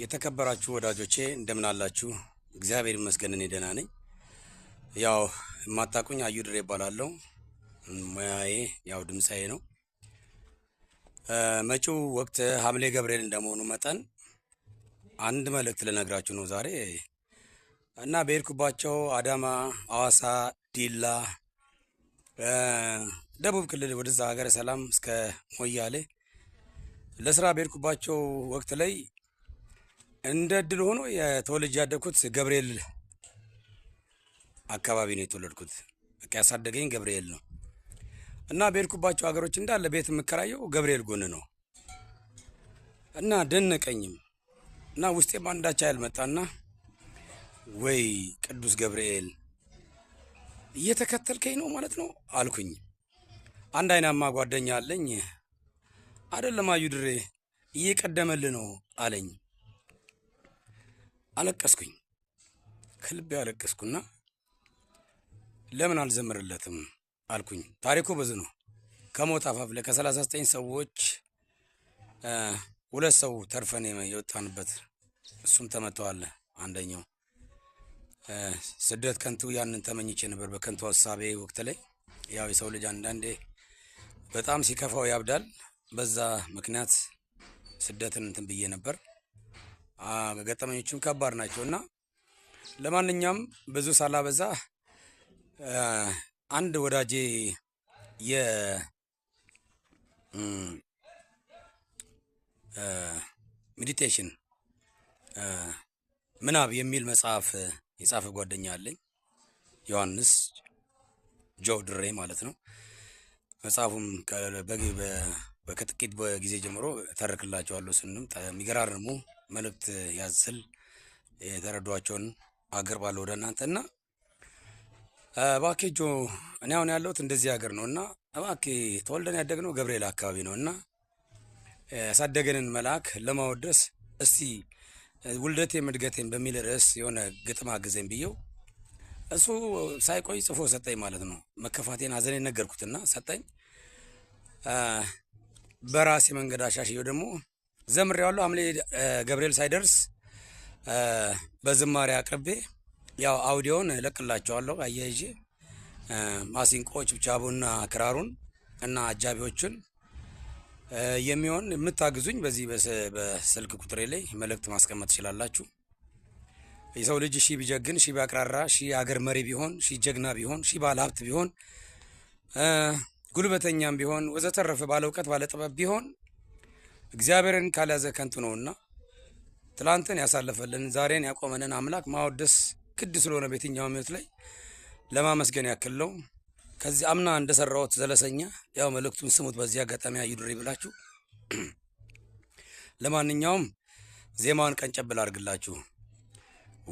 የተከበራችሁ ወዳጆቼ እንደምን አላችሁ? እግዚአብሔር ይመስገን እኔ ደህና ነኝ። ያው የማታቁኝ አዩ ድሬ ይባላለሁ። ሙያዬ ያው ድምፃዬ ነው። መጪው ወቅት ሐምሌ ገብርኤል እንደመሆኑ መጠን አንድ መልእክት ልነግራችሁ ነው ዛሬ እና በሄድኩባቸው አዳማ፣ አዋሳ፣ ዲላ፣ ደቡብ ክልል ወደዛ ሀገረ ሰላም እስከ ሞያሌ ለስራ በሄድኩባቸው ወቅት ላይ እንደ እድል ሆኖ የተወልጅ ያደግኩት ገብርኤል አካባቢ ነው የተወለድኩት። በቃ ያሳደገኝ ገብርኤል ነው እና በሄድኩባቸው ሀገሮች እንዳለ ቤት የምከራየው ገብርኤል ጎን ነው እና ደነቀኝም እና ውስጤም አንዳች መጣና ወይ ቅዱስ ገብርኤል እየተከተልከኝ ነው ማለት ነው አልኩኝ። አንድ አይናማ ጓደኛ አለኝ አይደለም አዩ ድሬ እየቀደመልህ ነው አለኝ። አለቀስኩኝ። ከልቤ አለቀስኩና ለምን አልዘምርለትም አልኩኝ። ታሪኩ ብዙ ነው። ከሞት አፋፍ ለ39 ሰዎች ሁለት ሰው ተርፈን የወጣንበት እሱም ተመተዋል። አንደኛው ስደት ከንቱ ያንን ተመኝቼ ነበር በከንቱ ሀሳቤ ወቅት ላይ ያው የሰው ልጅ አንዳንዴ በጣም ሲከፋው ያብዳል። በዛ ምክንያት ስደትን እንትን ብዬ ነበር። ገጠመኞቹም ከባድ ናቸው እና ለማንኛውም ብዙ ሳላበዛ አንድ ወዳጄ የ ሜዲቴሽን ምናብ የሚል መጽሐፍ የጻፈ ጓደኛ አለኝ። ዮሐንስ ጆ ድሬ ማለት ነው። መጽሐፉም ከጥቂት ጊዜ ጀምሮ ተርክላቸዋለሁ። ስንም የሚገራርሙ መልእክት ያዝል የተረዷቸውን አቀርባለሁ ወደ እናንተ እና እባክህ ጆ እኔ አሁን ያለሁት እንደዚህ ሀገር ነው እና እባክህ ተወልደን ያደግነው ገብርኤል አካባቢ ነው እና ያሳደገንን መልአክ ለማወደስ እስቲ ውልደቴም እድገቴም በሚል ርዕስ የሆነ ግጥም አግዘኝ ብዬው እሱ ሳይቆይ ጽፎ ሰጠኝ ማለት ነው። መከፋቴን ሐዘኔን ነገርኩትና ሰጠኝ። በራሴ መንገድ አሻሽየው ደግሞ ዘምሬዋለሁ። ሐምሌ ገብርኤል ሳይደርስ በዝማሬ አቅርቤ ያው አውዲዮን እለቅላቸዋለሁ አያይዤ ማሲንቆች ብቻቡና ክራሩን እና አጃቢዎቹን የሚሆን የምታግዙኝ በዚህ በስልክ ቁጥሬ ላይ መልእክት ማስቀመጥ ትችላላችሁ። የሰው ልጅ ሺ ቢጀግን ሺ ቢያቅራራ ሺ አገር መሪ ቢሆን ሺ ጀግና ቢሆን ሺ ባለ ሀብት ቢሆን ጉልበተኛም ቢሆን ወዘተረፈ ባለ እውቀት ባለ ጥበብ ቢሆን እግዚአብሔርን ካልያዘ ከንቱ ነውና ትላንትን ያሳለፈልን ዛሬን ያቆመንን አምላክ ማወደስ ግድ ስለሆነ በየትኛውም ሕይወት ላይ ለማመስገን ያክል ነው። ከዚህ አምና እንደሰራሁት ዘለሰኛ ያው መልእክቱን ስሙት። በዚህ አጋጣሚ አይዱሪ ብላችሁ ለማንኛውም ዜማውን ቀንጨብ ላድርግላችሁ።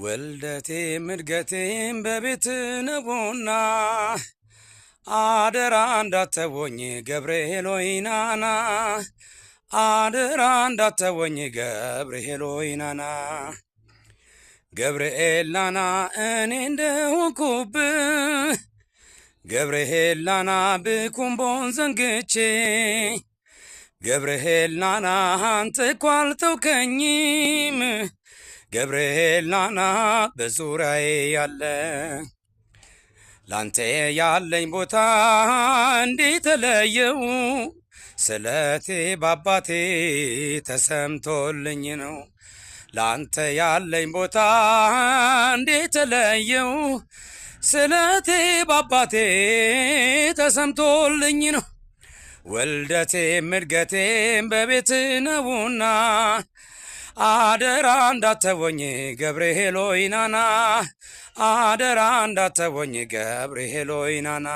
ወልደቴ እድገቴም በቤት ነቦና አደራ እንዳተቦኝ ገብርኤል ሆይ ናና አድራ እንዳተወኝ ገብርኤል ይናና ናና ገብርኤል ናና እኔ እንደሆንኩብህ ገብርኤል ናና ብኩምቦን ዘንግቼ ገብርኤል ናና አንተ እኮ አልተውከኝም ገብርኤል ናና በዙሪያዬ ያለ ላንተ ያለኝ ቦታ እንዴት ለየው ስለቴ ባባቴ ተሰምቶልኝ ነው። ላንተ ያለኝ ቦታ እንዴት ለየው ስለቴ ባባቴ ተሰምቶልኝ ነው። ወልደቴም እድገቴም በቤት ነውና አደራ እንዳተወኝ ገብርኤል ሆይ ናና አደራ እንዳተወኝ ገብርኤል ሆይ ናና።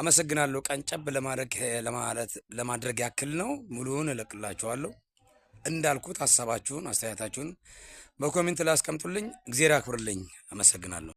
አመሰግናለሁ። ቀንጨብ ለማድረግ ለማለት ለማድረግ ያክል ነው። ሙሉውን እለቅላችኋለሁ። እንዳልኩት ሀሳባችሁን አስተያየታችሁን በኮሜንት ላይ አስቀምጡልኝ። እግዜር ያክብርልኝ። አመሰግናለሁ።